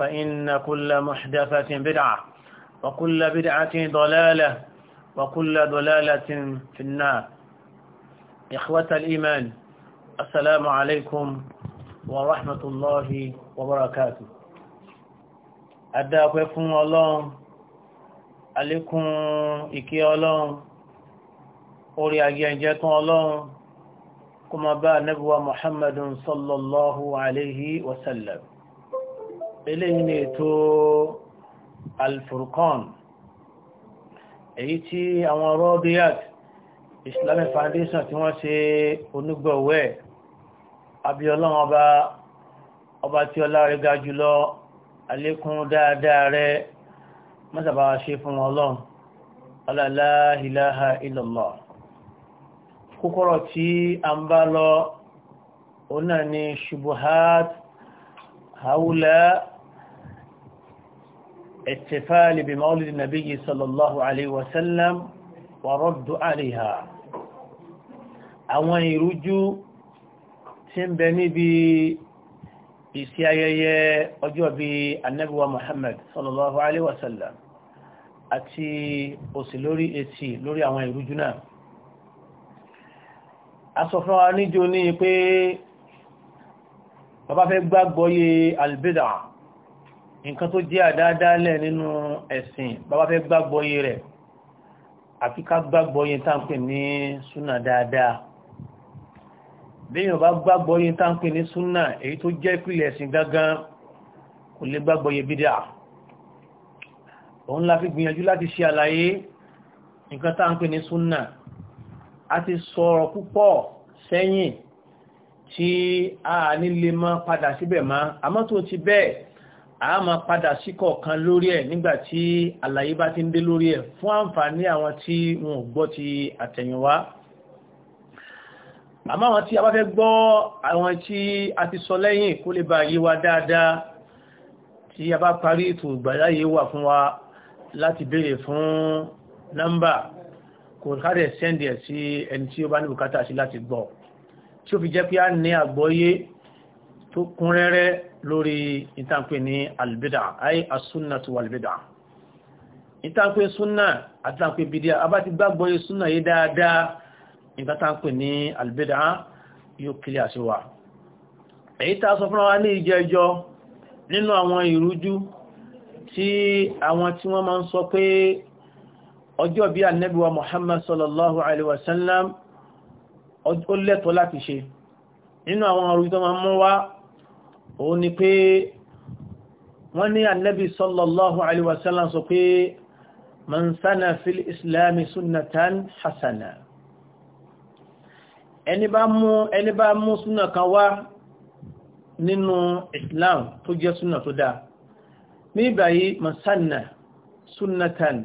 فإن كل محدثة بدعة وكل بدعة ضلالة وكل ضلالة في النار إخوة الإيمان السلام عليكم ورحمة الله وبركاته أداك فون الله عليكم إكي الله أولي أجيانجات الله كما با نبوة محمد صلى الله عليه وسلم eléyìí ni ètò alfurqan èyí tí àwọn Radiyat Islamic Foundation tí wọ́n ṣe onígbọ̀wẹ́ abiyọlọ́wọ́n ọba ọba tí ọlá rẹ̀ ga jùlọ alékún dáadáa rẹ̀ mọ́sàbá ṣe fún ọlọ́run la ilaha illallah kókọ́rọ̀ tí a ń bá lọ ọ̀nà ni ṣubuhat haula احتفال بمولد النبي صلى الله عليه وسلم ورد عليها àwọn ìrújú tí ń bẹ níbi ìsí ayẹyẹ ọjọ́ bí annabuwa muhammad sallallahu alaihi wasallam àti òsì lórí èsì lórí àwọn ìrújú náà a sọ fún wa níjò ní pé bàbá fẹ́ gbàgbọ́yé albidà nǹkan tó jẹ́ àdáadáalẹ̀ nínú ẹ̀sìn bàbá fẹ́ gbàgbọ́ yé rẹ̀ àfi ká gbàgbọ́ yé táǹpẹ̀ ní súnà dáadáa bẹ́yìn bá gbàgbọ́ yé táǹpẹ̀ ní súnà èyí tó jẹ́ ìpìlẹ̀ ẹ̀sìn gangan kò lè gbàgbọ́ yé òun la fi gbìyànjú láti ṣe àlàyé nǹkan táǹpẹ̀ ní súnà a ti sọ̀rọ̀ púpọ̀ sẹ́yìn tí a nílé mọ́ padà síbẹ̀ mọ́ àmọ́ tó ti bẹ́ẹ̀ a máa padà sí kọ̀ọ̀kan lórí ẹ̀ nígbà tí àlàyé bá ti ń dé lórí ẹ̀ fún àǹfààní àwọn tí wọn ò gbọ́ ti àtẹ̀yìnwá àmọ́ àwọn tí a bá fẹ́ gbọ́ àwọn tí a ti sọ lẹ́yìn kó lè bá yé wa dáadáa tí a bá parí ètò ìgbàláyé wà fún wa láti béèrè fún nọ́mbà kò kárẹ̀ sẹ́ndì ẹ̀ sí ẹni tí ó bá ní bùkátà sí láti gbọ́ tí ó fi jẹ́ pé a ní àgbọ́yé tó kún rẹ́rẹ́ lórí ìtànpé ní albida ayé asunna tó albida ìtànpé súnà àtànpé bídíà abáti gbàgbọ́ yé súnà yé dáadáa ìtànpé ní albida yóò kílẹ̀ àṣíwá èyí tàà sọ fún wa ní ìjẹjọ́ nínú àwọn ìrújú tí àwọn tí wọ́n máa ń sọ pé ọjọ́ bí Ànábì Muhammad sallallahu alaihi wasallam ó lẹ́tọ̀ọ́ láti ṣe nínú àwọn ìrújú tó máa mú wá òun ni pé wọ́n ní annabi sallallahu alaihi wasallam sọ pé man sana fil islami sunnatan hasana ẹni bá mú ẹni bá mú súnà kan wá nínú islam tó jẹ́ súnà tó dáa ní ìbáyí man sana sunnatan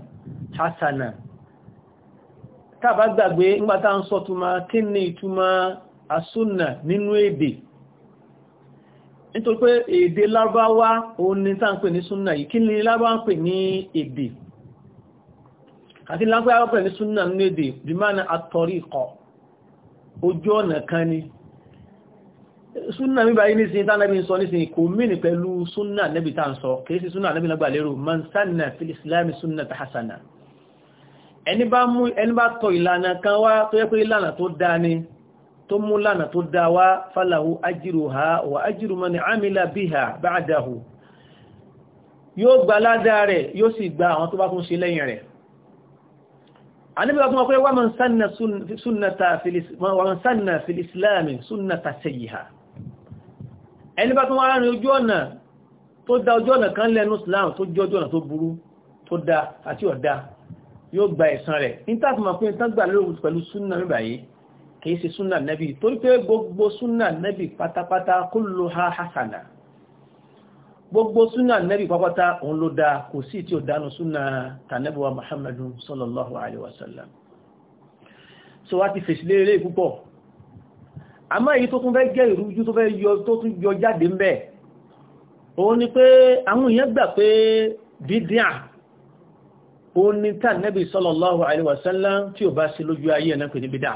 hasana tàbá gbàgbé ńgbàtà ń sọ túnmá kí ni ìtumá asúnà nínú èdè nítorí pé èdè lárúbáwá òun ni tá ń pè ní súnnà yìí kí ni lárúbá ń pè ní èdè àti lárúbáwá pè ní súnnà ní èdè bí máa ní àtọ̀rí ikọ̀ ojú ọ̀nà kan ni súnnà mi báyìí ní sin tánàbí sọ ní sin kò mìnì pẹ̀lú súnnà nẹ́bì tá ń sọ kìí sí súnnà nẹ́bì lágbà lérò man sanna fil islami súnnà ta hasana tó mú lánà tó dá wá fàlàwó ajíru ha wà ajíru mọ́ ni amílà bí ha bá dáhù yóò gba ládá rẹ̀ yóò sì gba àwọn tó bá kún ṣe lẹ́yìn rẹ̀ anígbàgbọ́n pé wọ́n sánà fìlìsìláàmì súnnàta sẹ́yì ha ẹni bá tún wá rí ojú ọ̀nà tó dá ojú ọ̀nà kan lẹ́nu kìí ṣe súnà nẹ́bì torí pé gbogbo súnà nẹ́bì pátápátá kulluha hasana gbogbo súnà nẹ́bì pápátá òun ló dáa kò sí tí ó dánú súnà tànẹ́bùwa muhammadun sallallahu alaihi wasallam so wá ti tí ò bá sí lójú ayé ẹ̀nà pè ní bídíà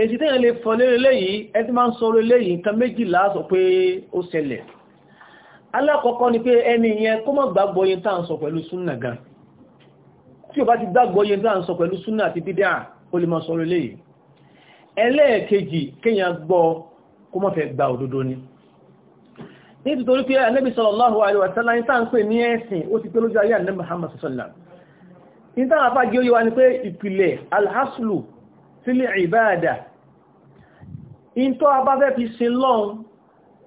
èsì tẹ́yàn lè fọ́ lérí léyìí ẹ tí máa ń sọ̀rọ̀ léyìí nǹkan méjìlá sọ pé ó ṣẹlẹ̀ alákọ̀ọ́kọ́ ni pé ẹni yẹn kó má gbàgbọ́ yẹn tá à ń sọ pẹ̀lú súnà gan tí o bá ti gbàgbọ́ yẹn tá à ń sọ pẹ̀lú súnà àti bídà ó lè máa sọ̀rọ̀ léyìí ẹlẹ́ẹ̀kejì kéèyàn gbọ́ kó má fẹ́ gba òdodo ni pé ìpìlẹ̀ alhaslu sílẹ̀ ìbáàdà in tó abáfẹ́ fi sin lọ́n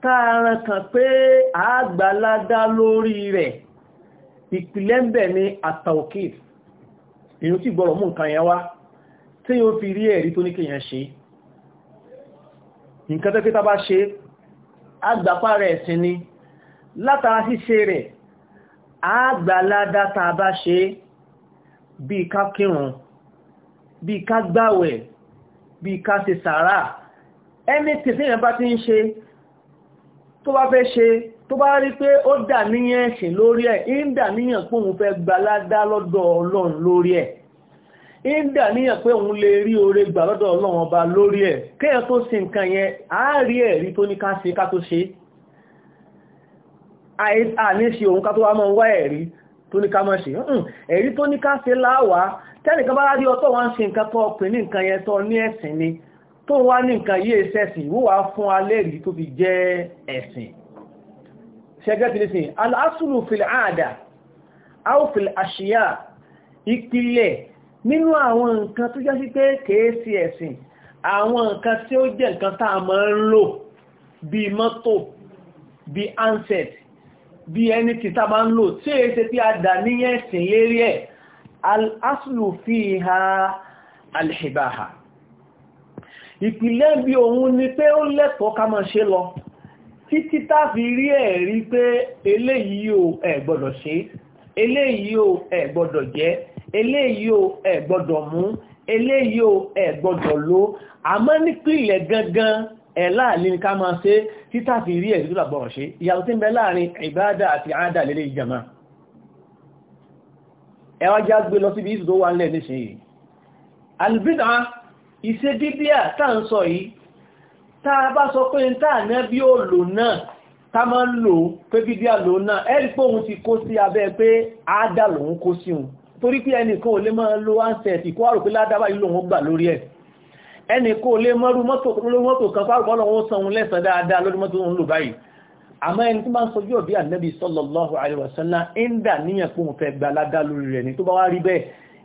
káàrán kan pé àgbàládá lórí rẹ̀ ìpìlẹ̀ ń bẹ̀ ní àtàòkè èyí tí gbọ́rọ̀ mú nǹkan yẹn wá tí yóò fi rí ẹ̀rí tó ní kíyàn ṣe nǹkan tó kíta bá ṣe àgbàpá rẹ̀ sí ni látara ṣíṣe rẹ̀ àgbàládá tá bá ṣe bí ká kírun bí ká gbàwẹ̀ bí ká ṣe sàárà ẹni tìsí ìyàn bá ti ń ṣe tó bá fẹ́ ṣe tó bá rí pé ó dà níyàn ẹ̀sìn lórí ẹ̀ ń dà níyàn pé òun fẹ́ gbaládá lọ́dọ̀ ọlọ́run lórí ẹ̀ ń dà níyàn pé òun lè rí oore gbà lọ́dọ̀ ọlọ́run ọba lórí ẹ̀ kéèyàn tó ṣe nǹkan yẹn á rí ẹ̀rí tó ní ká ṣe ká tó ṣe àníṣe òun ká tó wá mọ́ wá ẹ̀rí tó ní ká mọ́ ṣe ẹ̀rí tó ní ká ṣe láwàá tẹ́nìkan bá rí ọtọ́ wọn ṣe nǹkan tó ọpìn ní nǹkan yẹn tó ní ẹ̀sìn ni tó wá ní nǹkan yí ẹsẹ̀sìn wúwá fún alẹ́rìí tó fi jẹ́ ẹ̀sìn ṣẹgẹ́tìlẹ́sìn aláṣùlù fìlàádà áòfìl àṣíyà ìpìlẹ̀ nínú àwọn nǹkan tó jásí pé kèésì ẹ̀sìn àwọn nǹkan tí ó jẹ́ nǹkan tá a ń lò bí mọ́tò bí handset bí ẹni tí tá ń lò tí èé ṣe pé a dà níyẹn ẹ̀sìn lérí aláṣùlù fìhà alìṣìbáhà ìpìlẹ̀ bí òun ni pé ó lẹ́tọ̀ọ́ ká máa ṣe lọ títí tá fi rí ẹ̀rí pé eléyìí ò ẹ̀ gbọ́dọ̀ ṣe eléyìí ò ẹ̀ gbọ́dọ̀ jẹ eléyìí ò ẹ̀ gbọ́dọ̀ mú eléyìí ò ẹ̀ gbọ́dọ̀ lò àmọ́ nípìlẹ̀ gangan ẹ̀ láàrin ní ká máa ṣe títà fi rí ẹ̀rí tó làgbọ̀rọ̀ ṣe ìyàtọ̀ tí ń bẹ láàrin ìbáadà àti àádà lélẹ̀ ìjàmà ẹwà já gbé lọ síbi ìsù wà nílẹ̀ níṣẹ́ yìí albid'a ìṣe bíbíà tá ń sọ yìí tá a bá sọ pé ń tà náà bí ó lò náà tá máa ń lò pé bíbíà lò náà ẹ̀rí pé òun ti kó sí abẹ́ pé àádà lòun kó sí òun torí pé ẹnìkan ò lè máa lo ansẹ̀tì kó àrò pé ládàbà yìí lòun gbà lórí ẹ̀ ẹnìkan ò lè mọ́rú mọ́tò kan fárùkọ́ lọ́wọ́ sanwó lẹ́sàn dáadáa lórí mọ́tò òun lò báyìí àmọ́ ẹni tó máa ń sọ yóò bí ànábì sallallahu alaihi wasallam ń dà níyàn pé òun fẹ́ gbà ládàá lórí rẹ̀ ní tó bá wá rí bẹ́ẹ̀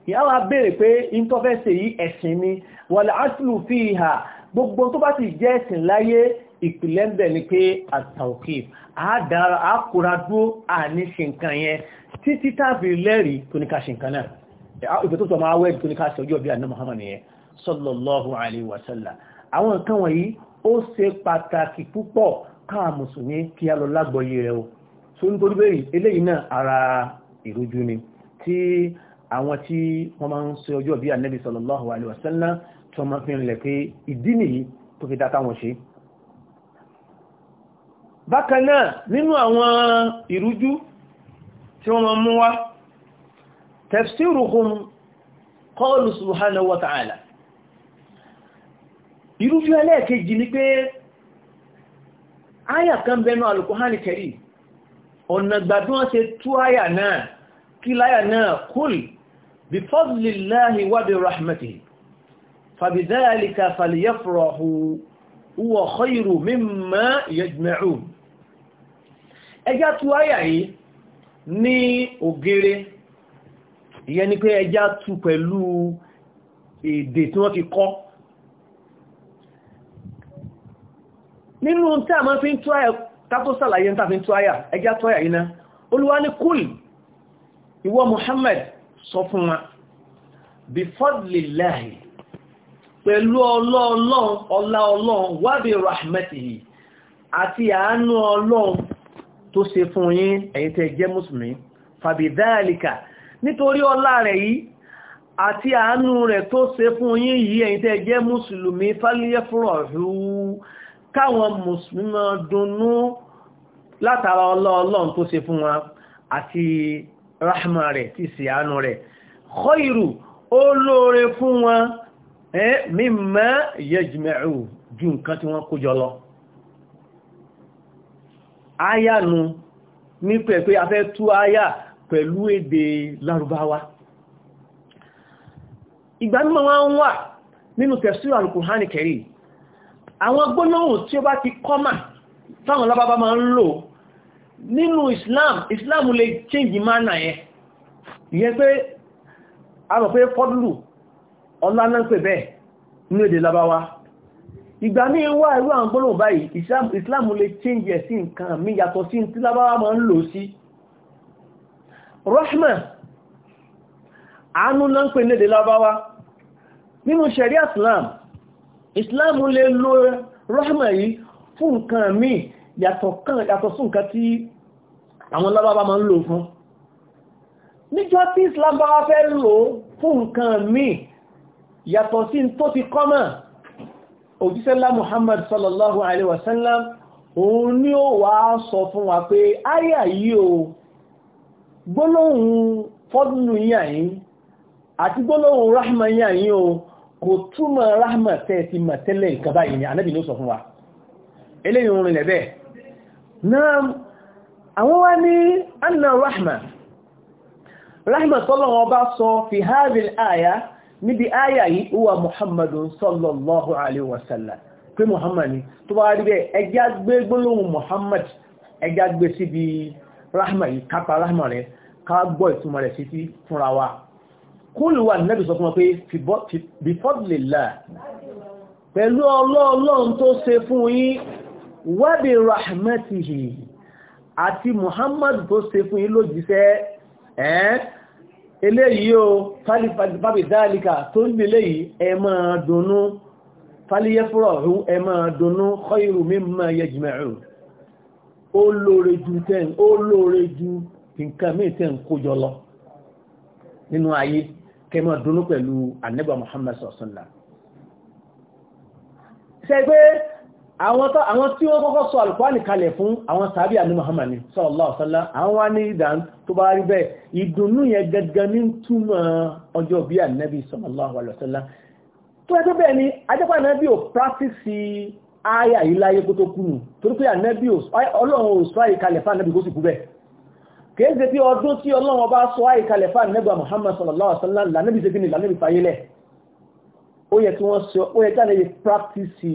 ìyá wa béèrè pé intọ́fẹ́sẹ̀ yìí ẹ̀sìn ni wal aslu fiha gbogbo tó bá ti jẹ́ ẹ̀sìn láyé ìpìlẹ̀ ń bẹ̀ ni pé at-tawqif àádára àkúra dúró àní ṣe yẹn títí tàbí lẹ́rìí tó náà ìfẹ́ sallallahu alaihi wa sallam àwọn nǹkan wọ̀nyí ó ṣe pàtàkì púpọ̀ káà mùsùlùmí kí a lọ lágbọ́yé ara ìrújú ni àwọn tí wọ́n máa ń ṣe ọjọ́ bí Ànábì sallallahu alaihi wasallam tó máa fi rìnlẹ̀ pé ìdí nìyí tó fi dáká wọn ṣe bákan náà nínú àwọn ìrújú tí wọ́n máa mú wá tafsiruhum qawlu subhanahu kí láyà náà kúlì بفضل الله وبرحمته فبذلك فليفرحوا هو خير مما يجمعون ẹjá tú àyà yìí ní ògèrè ìyẹn ni pé ẹjá tú pẹ̀lú èdè tí wọ́n ti kọ́ nínú tí a máa fi ń tú àyà tátó sàlàyé ń tàfi ń tú àyà ẹjá tú àyà yìí náà olúwa Muhammad sọ fún wa bí fadlillahi pẹ̀lú ọlá ọlọ́run wa bi rahmatihi àti àánú ọlọ́run tó ṣe fún yín ẹ̀yin tẹ́ jẹ́ mùsùlùmí fàbídáàlìkà nítorí ọlá rẹ̀ yìí àti àánú rẹ̀ tó ṣe fún yín yìí ẹ̀yin tẹ́ jẹ́ mùsùlùmí fàlíyẹ́fúrọ̀hú káwọn mùsùlùmí dunnú látara rahma rẹ̀ tí sì àánú rẹ̀ khairu ó lóore fún wọn mimma yajma'u ju nǹkan tí wọ́n kójọ lọ áyánu ní pẹ̀pẹ́ afẹ́ tú áyá pẹ̀lú èdè lárúbáwá ìgbàmọ́ wọn wà nínú tafsir al kẹrì àwọn gbónáhùn tí ó bá ti kọ́mà táwọn lábábá máa ń lò nínú islam islam lè change mana yẹn ìyẹn pé a rọ̀ pé fọ́dúlù ọlá náà pè bẹ́ẹ̀ ní èdè labawa ìgbà ní wà irú àwọn gbólóhùn báyìí islam lè change ẹ̀ sí nǹkan mi yàtọ̀ sí tí labawa máa ń lò sí rahma àánú náà pè ní labawa nínú sharia islam islam lè lo rahma yìí fún nǹkan míì yàtọ̀ sí nǹkan tí àwọn lábábá máa ń lò fún níjọ́ tí Islam bá wá fẹ́ lò fún nǹkan míì yàtọ̀ sí tó ti kọ́mọ̀ òjíṣẹ́lá Muhammad sallallahu alaihi wasallam òun ni ó wá sọ fún wa pé ayà yìí o gbólóhùn fọ́dúnlù yìí àti gbólóhùn rahma yìí o kò túmọ̀ rahma tẹ́ ti mọ̀ tẹ́lẹ̀ nǹkan báyìí ni anábì ló sọ fún wa eléyìn orin lẹ́bẹ̀ẹ́ náà àwọn wá ní anna rahma rahma tọ́lọ̀wọ́ bá sọ fi haɗin aya níbi aya yìí uwa Muhammadu sallallahu alaihi wasallam pé muhammadi tó bá rí bẹ́ ẹjá gbé Muhammadu muhammad ẹjá gbé rahma yìí kápa rahma rẹ̀ ká gbọ́ ìtumọ̀ rẹ̀ sí fúnra wa kúlù wà nẹ́bì sọ fún wa pé wábi rahmatihi àti muhammad tó ṣe fún yín lójíṣẹ́ ẹ́ eléyìí o fàbí dáàlìkà tó ń gbélé yìí ẹ máa dùnnú fàlíyẹ́fúrọ̀ ọ̀hún ẹ máa dùnnú khayru mimma yajma'un ó lóore ju tẹ́ǹ ó lóore ju nǹkan mí tẹ́ǹ kójọ lọ nínú ayé kẹ máa pẹ̀lú anẹ́bà muhammad sallallahu àwọn tí wọ́n kọ́kọ́ sọ alùkwáàlì kalẹ̀ fún àwọn sàábí àní Muhammad sallallahu alaihi wasallam àwọn wá ní ìdán tó bá rí bẹ́ẹ̀ ìdùnnú yẹn gẹ́gẹ́ ní túnmọ̀ ọjọ́ bí ànábì sallallahu alaihi wasallam tó ẹgbẹ́ bẹ́ẹ̀ ni ajẹ́pá ànábì ò practice ayà iláyé kó tó kúrù torí pé ànábì ọlọ́run ò sọ àyíkalẹ̀ fún ànábì kó sì kú bẹ́ẹ̀ kèéze tí ọdún tí ọlọ́run ọba sọ àyíkalẹ̀ fún ànábì Muhammad sallallahu alaihi wasallam lànábì ó yẹ kí wọ́n sọ ó yẹ kí àlejò practice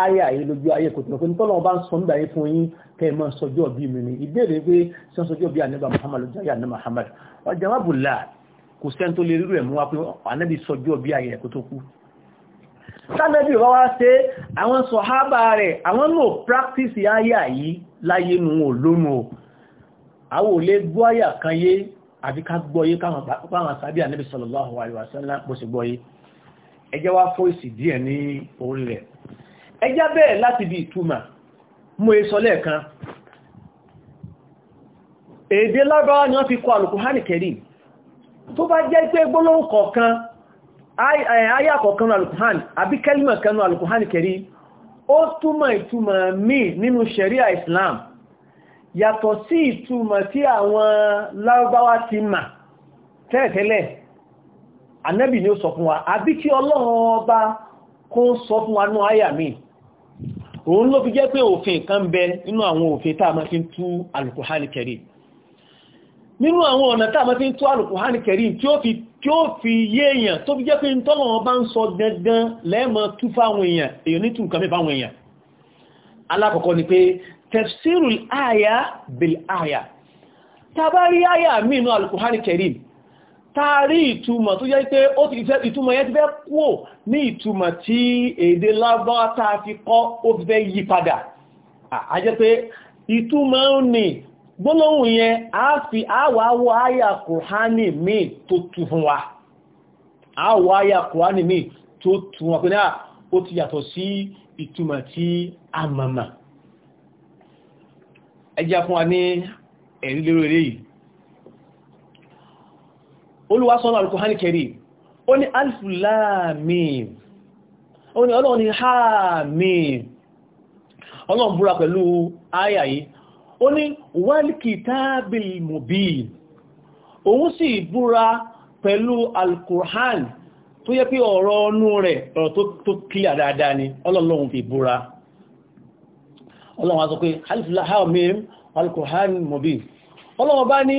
ayé àyè lójú ayé kò tó ní tọ́lọ́wọ́n bá ń sọ nígbà yẹn fún yín kẹ́ ẹ̀ máa sọjọ́ bí mi ni ìbéèrè pé ṣé wọ́n sọjọ́ bí ànábà Muhammad lójú ayé ànábà Muhammad ọjà wà bùlá kò sẹ́ni tó lè rírò ẹ̀ mú wa pé ànábì sọjọ́ bí ayé kò tó kú. sànẹ́bí wá wá ṣe àwọn sọ̀hábà rẹ̀ àwọn náà practice ayé àyè láyé nu wọn lónù o àwọn káwọn sábíà ànábì sallallahu alaihi wasallam bó ṣe gbọ́ ẹjẹ́ wá fó ìsì díẹ̀ ní orílẹ̀ ẹjá bẹ́ẹ̀ láti bí ìtumà mú èso e lẹ́ẹ̀kan èdè lágbára ni wọ́n fi kọ àlùkù qurani tó bá jẹ́ pé gbólóhùn Islam ti ma tẹ́ẹ̀tẹ́lẹ̀ anẹ́bì ni ó sọ fún wa àbí kí ọlọ́run ọba kó sọ fún wa ní àyà mi òun ló fi jẹ́ pé òfin kan bẹ nínú àwọn òfin tá a máa fi ń tú Al-Qur'an Karim nínú àwọn ọ̀nà tá a máa fi ń tú Al-Qur'an Karim tí ó fi tí ó fi yé èèyàn tó fi jẹ́ pé tọ́lọ̀wọ́n bá ń sọ gangan lẹ́ẹ̀mọ́ tú fáwọn èèyàn èèyàn ní tú nǹkan mẹ́fà àwọn èèyàn alákọ̀ọ́kọ́ aya bil aya tàbá rí aya mìíràn Al-Qur'an taari ìtumọ̀ tó jẹ́ pé ó ti fẹ́ ìtumọ̀ yẹn ti fẹ́ kúò ní ìtumọ̀ tí èdè lábáwá ta fi kọ́ ó fi fẹ́ yí padà a jẹ́ pé ìtumọ̀ ń ní gbólóhùn yẹn a fi àwọ̀ àyà kùránì mi tó tù fún wa àwọ̀ àyà kùránì mi tó tù wọn pínlẹ̀ ó ti yàtọ̀ sí ìtumọ̀ tí a mọ̀mọ̀ olúwa sọ́nà al-Qur'an al-Karim ó ní alif lam mim ó ní ọlọ́run ní ha mim ọlọ́run búra pẹ̀lú àyà yìí ó ní wal kitabil mubin òun sì búra pẹ̀lú al-Qur'an tó yẹ pé ọ̀rọ̀ ọnú rẹ̀ ọ̀rọ̀ tó kílà dáadáa ni ọlọ́run fi búra ọlọ́run bá ní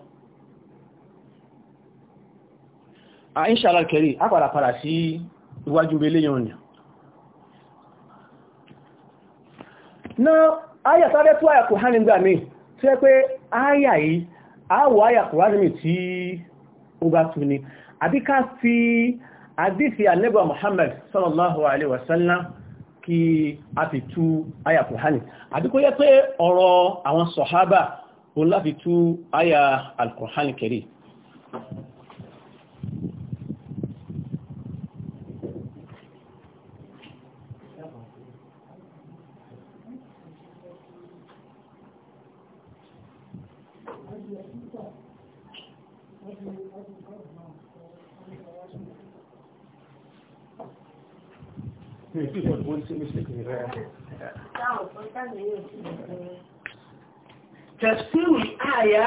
Ah, inshallah kẹrì àpàdà padà sí iwájú beléyàn ni na ayà sáré tó ayà kùránì gbà mí tí ẹ pé ayà yìí àwọ̀ ayà kùránì mi tí ó bá tún ni àbí ká àdífì ànẹ́bà Muhammad sallallahu alaihi wasallam kí a fi tú ayà kùránì àbí kó yẹ pé ọ̀rọ̀ àwọn sọ̀hábà ó láfi tú ayà alkùránì tẹ̀síwì àyà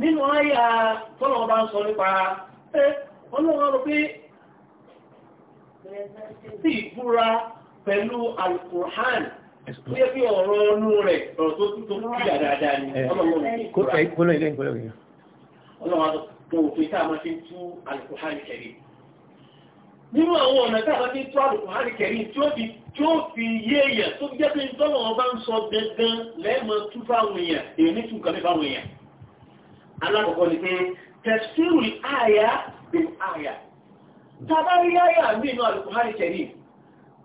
nínú àyà tọ́lọ̀ bá ń sọ nípa ẹ́ ọlọ́run rọ pé sí ìbúra pẹ̀lú alkùrán Ilé bí ọ̀rọ̀ ọnú rẹ̀ ọ̀rọ̀ tó tó kíyà dáadáa ni eh, ọlọ́run ní ìkúra. Eh, kó nínú àwọn ọ̀nà tí a bá fi tó àlùkò àríkẹ̀rí tí ó fi tí ó fi yé èèyàn tó jẹ́ pé tọ́nà ọba ń sọ dandan lẹ́ẹ̀mọ tú fáwọn èèyàn èèyàn ní túnkà mí fáwọn èèyàn. alákọ̀ọ́kọ́ ni pé tẹ̀síìrù àyà bí àyà tá a bá rí àyà mí inú àlùkò àríkẹ̀rí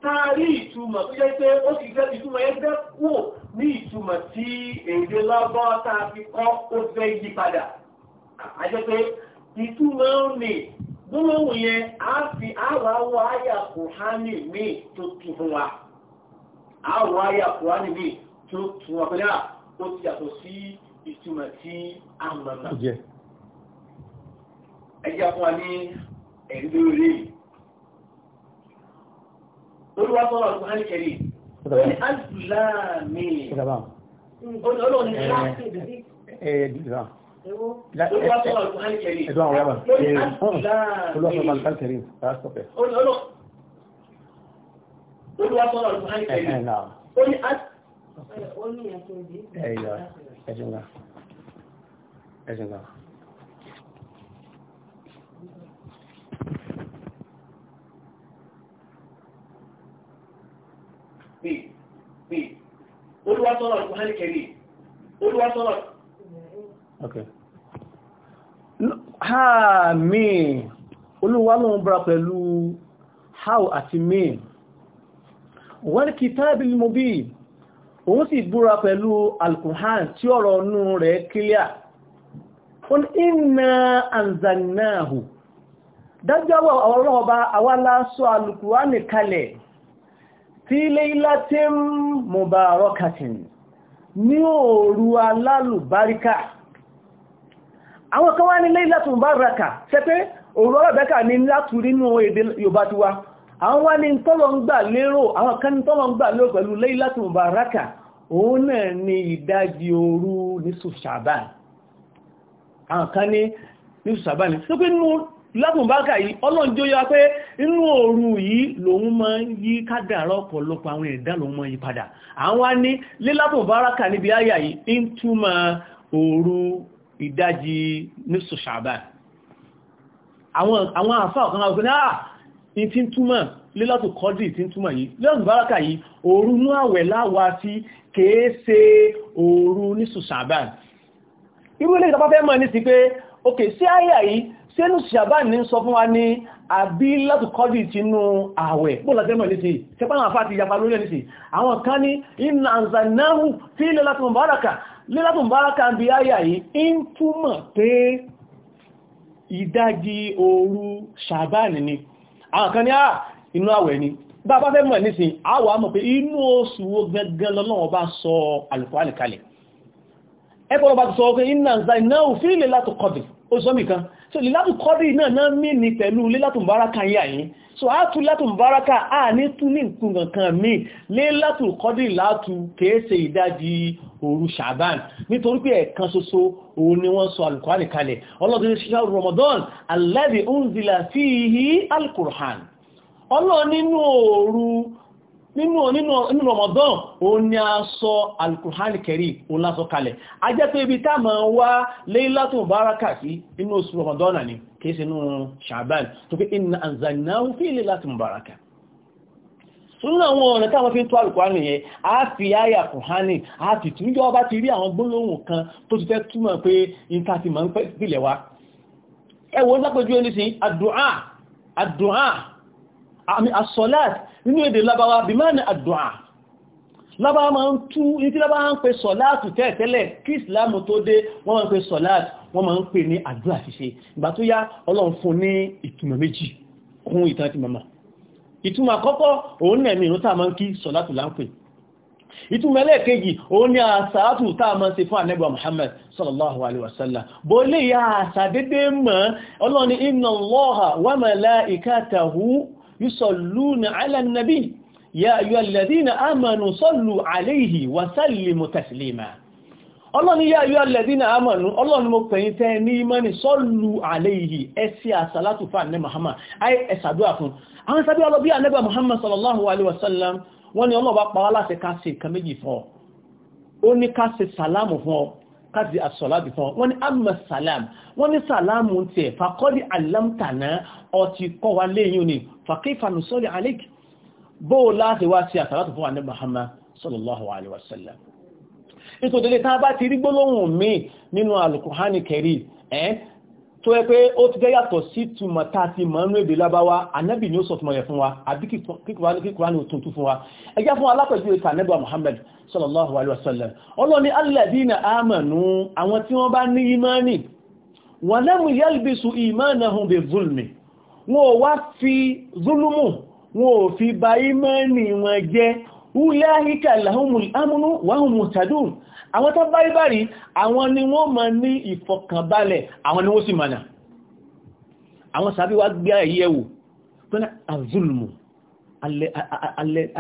tá a rí ìtumọ̀ tó jẹ́ pé ó sì fẹ́ ìtumọ̀ yẹn fẹ́ kú ní ìtumọ̀ tí èdè lọ́gbọ́ fi kọ́ ó fẹ́ yí padà àjẹpẹ́ ìtumọ̀ ní gbólóhùn yẹn á fi àwọ̀ àwọ̀ àyà kùránì míì tó tù fún wa àwọ̀ àyà kùránì míì tó tù wá pẹ̀lú à ti yàtọ̀ sí ìtumọ̀ tí a mọ̀ náà. ẹ jẹ́ fún wa ní ẹ̀rí lórí rèé olúwa sọ̀rọ̀ ọ̀gbọ̀n hàn kẹ́rì ó ní alùpùpù láàmì. ọlọ́run ní láti ẹ̀dọ́ àwọn yàmà olùwàsọ̀rọ̀ alùpàá kẹrin láàstọ̀pẹ̀ olùwàsọ̀rọ̀ alùpàá kẹrin ó ní ẹ̀jọ̀ngá ẹ̀jọ̀ngá olùwàsọ̀rọ̀ alùpàá kẹrin olùwàsọ̀rọ̀ àmì olúwa lóun búra pẹ̀lú how àti mi wal kitabil mubin òun sì búra pẹ̀lú alkuhan tí ọ̀rọ̀ ọ̀nù rẹ̀ kílíà fún inna anzalnahu dájáwọ̀ ọlọ́ọba awálásọ alùkùránì kalẹ̀ tí laylatin mubarakatin ní òru alálùbáríkà àwọn kan wá ní Laylatul Baraka ṣe pé òru ọlọ́bẹ̀ẹ́kà ní látù nínú èdè Yorùbá ti wá àwọn wá ní tọ́lọ ń gbà lérò àwọn kan ní tọ́lọ ń gbà lérò pẹ̀lú Laylatul Baraka òun náà ni ìdajì òru nísù Ṣàbán àwọn kan ní nísù Ṣàbán ní ṣe pé nínú Laylatul Baraka yìí Ọlọ́run jẹ́ yá pé inú ìdájí nísù ṣàbán àwọn àfá ọ̀kan àwọn òfin náà ah, ní tí ń túmọ̀ lílọ́tù kọ́dì tí ń túmọ̀ yìí lọ́nà báraka yìí òru mú àwẹ̀ láwá sí kèése òru nísù ṣàbán irú ilé ìjọba fẹ́ mọ̀ ní sí pé ok sí àyà yìí sí nísù ṣàbán ní sọ fún wa ní àbí látù kọ́dì tínú àwẹ̀ bóòlá tẹ́mọ̀ ní sí tẹ́pàá àwọn àfá ti yapa lórí ẹ̀ ní sí àwọn kan ní ìnà àǹzànáhù fílẹ̀ látù mọ̀báraka lílátùn bára kan bí áyà yìí ń túmọ̀ pé ìdájí òru ṣàbánì ni àwọn kan ní à ah, inú àwẹ̀ ni bá bá fẹ́ mọ̀ nísìn àwọ̀ àmọ̀ pé inú oṣù wo gẹ́gẹ́ lọ́lọ́wọ́ bá sọ alùkọ́ ó sọ́mì kan so lílátù kọ́dì náà náà mí ní pẹ̀lú lílátù báraka yà yìí so a tú látù báraka a ní tún ní nǹkan kan mí lílátù kọ́dì látù kèése ìdájí òru ṣàbán nítorí pé ẹ̀kan ṣoṣo òun ni wọ́n sọ alùkùránì kalẹ̀ ọlọ́dún ṣíṣàrù Ramadan alladhi unzila fihi alquran ọlọ́ nínú òru nínú nínú Ramadan o ní a sọ Al-Qur'an Karim o lásọ kalẹ̀ a jẹ́ pé ibi táàmà wá Laylatul Baraka sí inú oṣù Ramadan ni kìí sí inú Sha'ban tó pé inna anzalnahu fi Laylatul Baraka nínú àwọn ọ̀nà táwọn fi ń tó Al-Qur'an yẹn a fi àyà Kùránì a fi tún jọ ti rí àwọn gbólóhùn kan tó ti fẹ́ túmọ̀ pé intati ma ń pẹ́ ìpìlẹ̀ wa ẹwọ́n lápẹjú ẹni sí àdúà àdúà àmì àsọ̀láàtì nínú èdè lábáwá bí máa ní àdúà lábáwá máa ń tú ìtí lábáwá ń pè sọ̀láàtù tẹ́ẹ̀tẹ́lẹ̀ kí ìsìláàmù tó dé wọ́n máa ń pè sọ̀láàtù wọ́n máa ń pè ní àdúà ṣíṣe ìgbà tó yá ọlọ́run fún ní ìtumọ̀ méjì kún ìtàn ti mọ̀mọ̀ ìtumọ̀ àkọ́kọ́ òun nẹ̀mí ìrún tá a máa ń kí sọ̀láàtù láńpẹ̀ ìtumọ̀ ẹlẹ́ẹ̀kejì òun ni àṣàátù tá a máa ṣe fún ànẹ́bà Muhammad sallallahu alaihi wasallam bó lè yá àṣà dédé mọ́ ọlọ́ni inna Allaha wa malaikatahu yusalluna ala nabi ya ayyuha alladhina amanu sallu alayhi wa sallimu taslima ọlọ́ni yá yọ́ alladhina amanu ọlọ́ni mo pẹ̀yìn tẹ́ ní imani sallu alayhi ẹsí àsàlátù fún ànẹ́ Muhammad ayé ẹ̀sàdúwà fún àwọn sábí ọlọ́bí ànẹ́bà Muhammad sallallahu alaihi wasallam wọ́n ni ọlọ́ba pàwọ́ láti ká ṣe nǹkan méjì fún ọ ó ní ká ṣe sàlámù fún káàdì àṣọ́láàbì tán wọ́n ní amma salam wọ́n ní salamu ti ẹ̀ fàkọ́lì alamtana ọtí kọ́ wa léyìn ní fàkífànù sọ́lì alik bó láti wá sí àtàlátù fún àní Muhammad sallallahu alaihi wasallam nítorí tá a tó yẹ pé ó ti jẹ́ yàtọ̀ sí túmọ̀ tá a ti mọ̀ nínú èdè lábáwá anábì ni ó sọ túmọ̀ yẹn fún wa àbí kíkùrá ní òtútù fún wa ẹjá fún alápẹ̀jú ìta anábà Muhammad sallallahu alaihi wasallam ọlọ́ni alladina amanu àwọn tí wọ́n bá ní imani wa lam yalbisu imanahum bi zulmi wọn ba imani wọn húláhíkà láhúnmùl ámúnú wáhùn mùtàdùn àwọn tó bá ibárí àwọn ni wọ́n ma ní ìfọkànbalẹ̀ àwọn ni wọ́n sì mọ̀nà àwọn sàbí wá gbé ẹ̀yẹ̀wò pẹ́lá àzùlùmù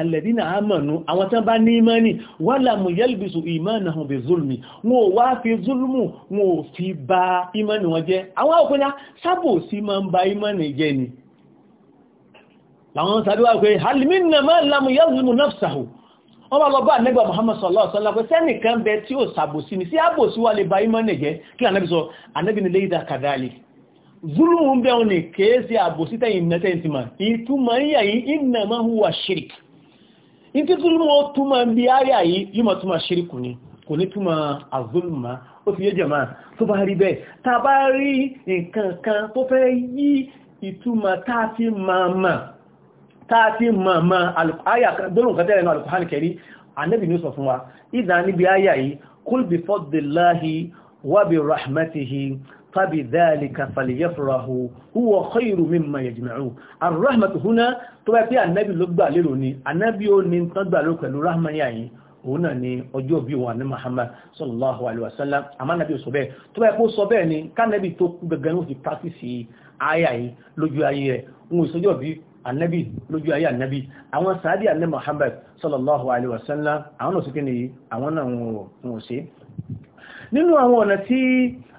alẹ́dínà àmọ̀nú àwọn tán bá ní ìmánì wà láàmù yẹ́lbìsù ìmánà hàn bí zulmi wọn ò wá fi zulmù wọn ò fi bà ìmánì wọn jẹ́ láwọn sàdúwà pé halimina máa lámù yẹ́lùmù náfsàhù wọ́n bá lọ bá nẹ́gbà Muhammad sallallahu alaihi wasallam pé sẹ́nìkan bẹ tí ó sàbòsí ni sí àbòsí wà lè bá imọ́ nìjẹ́ kí ànábì sọ ànábì ni léyìí kàdáàlì zulumu ń bẹ́ẹ̀ ní kéèsì àbòsí tẹ́yìn nẹ́tẹ́ ìtìmọ̀ ìtumọ̀ yíyà yìí iná máa ń wà ṣírík ìtí zulumu ó túmọ̀ bí áyà yìí yìí mọ̀ túmọ̀ ṣírík kan tó fẹ́ yí ìtumọ̀ tá tààtí mọ̀mọ̀ gbólóǹkàtẹ́rẹ̀ náà alùkùnrin kẹrí annabi ní sọ fún wa ìdá níbi ayà yìí kúl bí fọ́dìláhì wàbí rahmatihi fàbí dáàlìkà fàlìyàfúrahu huwa khairu mimma yajma'u arrahmatu huna tó bá pé annabi ló gbà lérò ni annabi ó ní tán gbà ló pẹ̀lú rahman yà yìí òun náà ni ọjọ́ bí wọn ní Muhammad sallallahu alaihi wasallam ayé rẹ̀ òun ìsọjọ́ bí annabi lójú ayé annabi àwọn sàádì annabi muhammad sallallahu alaihi wasallam àwọn òsìkí ni àwọn náà wọn ṣe nínú àwọn ọ̀nà tí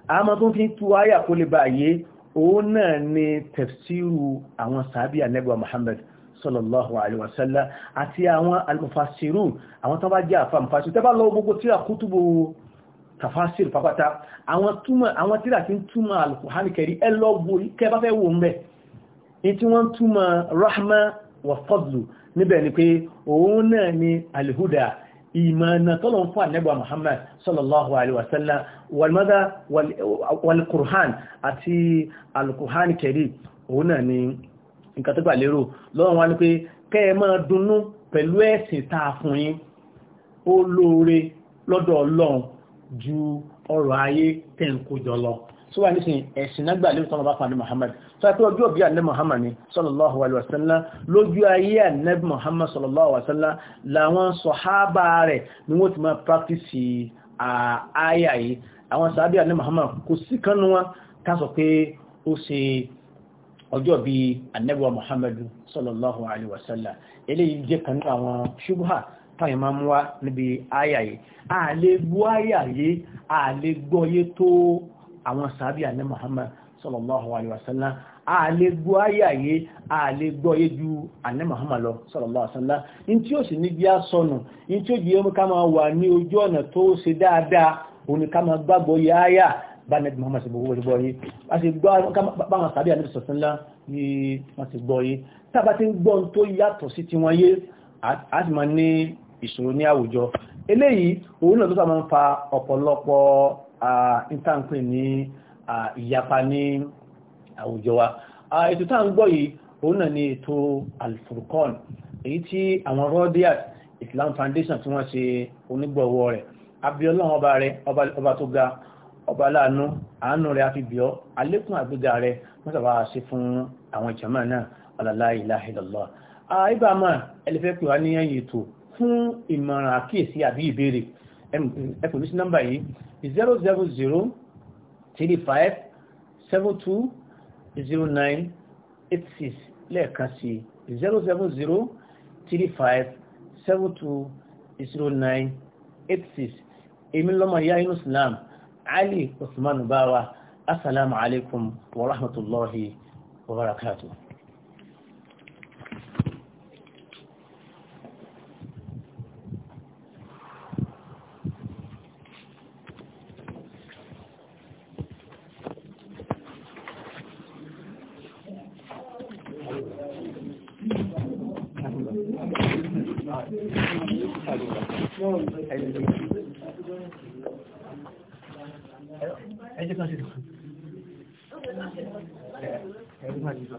a ma tó fi tú ayà kó lè bá ayé òun náà ni tafsiru àwọn sàádì annabi muhammad sallallahu alaihi wasallam àti àwọn almufassirun àwọn tó bá jẹ́ àfà mufassiru tẹ́ bá lọ gbogbo tí a kútùbù tafasir papata àwọn tíra tí ń túmọ̀ alùkùhánìkẹrí ẹlọ́gbò kẹ bá fẹ́ wò ń tí wọ́n túmọ̀ rahma wa fadlu níbẹ̀ ni pé òun náà ni alhuda ìmọ̀nà tọ́lọ̀ fún ànẹ́gbà Muhammad sallallahu alaihi wasallam walmada walkurhan àti alkurhan kẹrì òun náà ni nǹkan tó gbà lérò lọ́wọ́n wá ní pé kẹ́ẹ̀ máa dunnú pẹ̀lú ẹ̀sìn táa fún yín ó lóore lọ́dọ̀ Ọlọ́run ju ọrọ̀ ayé tẹ́ǹkójọ lọ tó wà nísìn ẹ̀sìn nágbà lè tọ́nà bá fún ànábì Muhammad tó àti ọjọ́ bí ànábì Muhammad ni sallallahu alaihi wasallam lójú ayé ànábì Muhammad sallallahu alaihi wasallam làwọn sọ̀hábà rẹ̀ ni wọ́n ti máa practice àáyà yìí àwọn sàábì ànábì Muhammad kò sí kanú wọn ká sọ pé ó ṣe ọjọ́ bí ànábì àwọn sàábì àní Muhammad sallallahu alaihi wasallam àlè gbọ́ ayáyé àlè gbọ́ yéjú àní Muhammad lọ sallallahu alaihi wasallam in tí ó sì ní bí a sọnù in tí ó jẹ́ mú ká máa wà ní ojú ọ̀nà tó ṣe dáadáa òní ká máa gbàgbọ́ yáyà bá nẹ́bí Muhammad sí gbogbo olùgbọ́ yìí a sì gbọ́ báwọn sàábì àní sọ̀tánlá ní wọ́n ti gbọ́ fa ọ̀pọ̀lọpọ̀ ìtànkùn ní ìyapa ní àwùjọ wa ètò tá ń gbọ́ yìí òun náà ni ètò alfurqan èyí tí àwọn rodiat Islam Foundation tí wọ́n ṣe onígbọ̀wọ́ rẹ̀ abiola ọba rẹ̀ ọba tó ga ọba aláàánú àánú rẹ̀ afibiọ́ alékún àgbéga rẹ̀ wọ́n sábà ṣe fún àwọn ìjọmọ̀ náà ọ̀làlá ilaha illallah ibà máa ẹlẹ́fẹ́ pè wá ní ẹ̀yìn ètò fún ìmọ̀ràn àkíyèsí àbí ìbéèrè 0244 number is zero zero ní sí nọ́mbà yìí 000 zero 72 09 86 lẹ́ẹ̀kan sí two zero nine eight six. èmi lọ́mọ ya inú islam ali usman bawa assalamu alaikum wa rahmatullahi wa barakatuh 还有，还是刚才。对，还是刚才你说。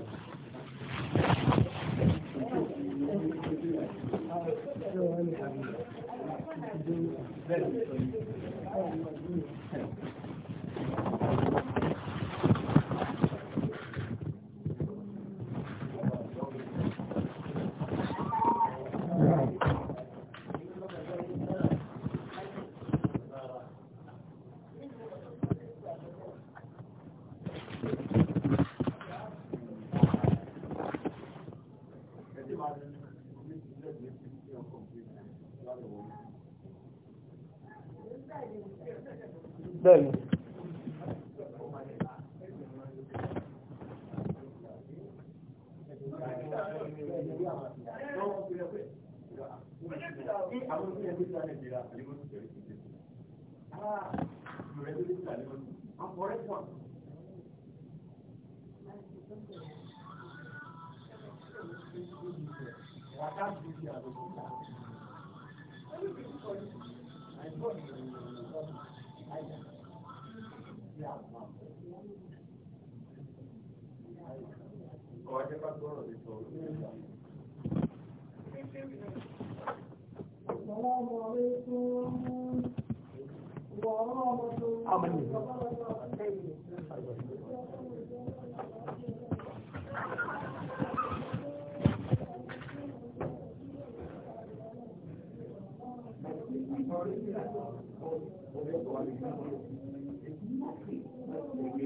bẹ́ẹ̀ni Ah, you ready to tell me? I'm for it one. How many? Thank you.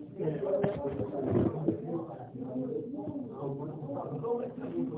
Gracias.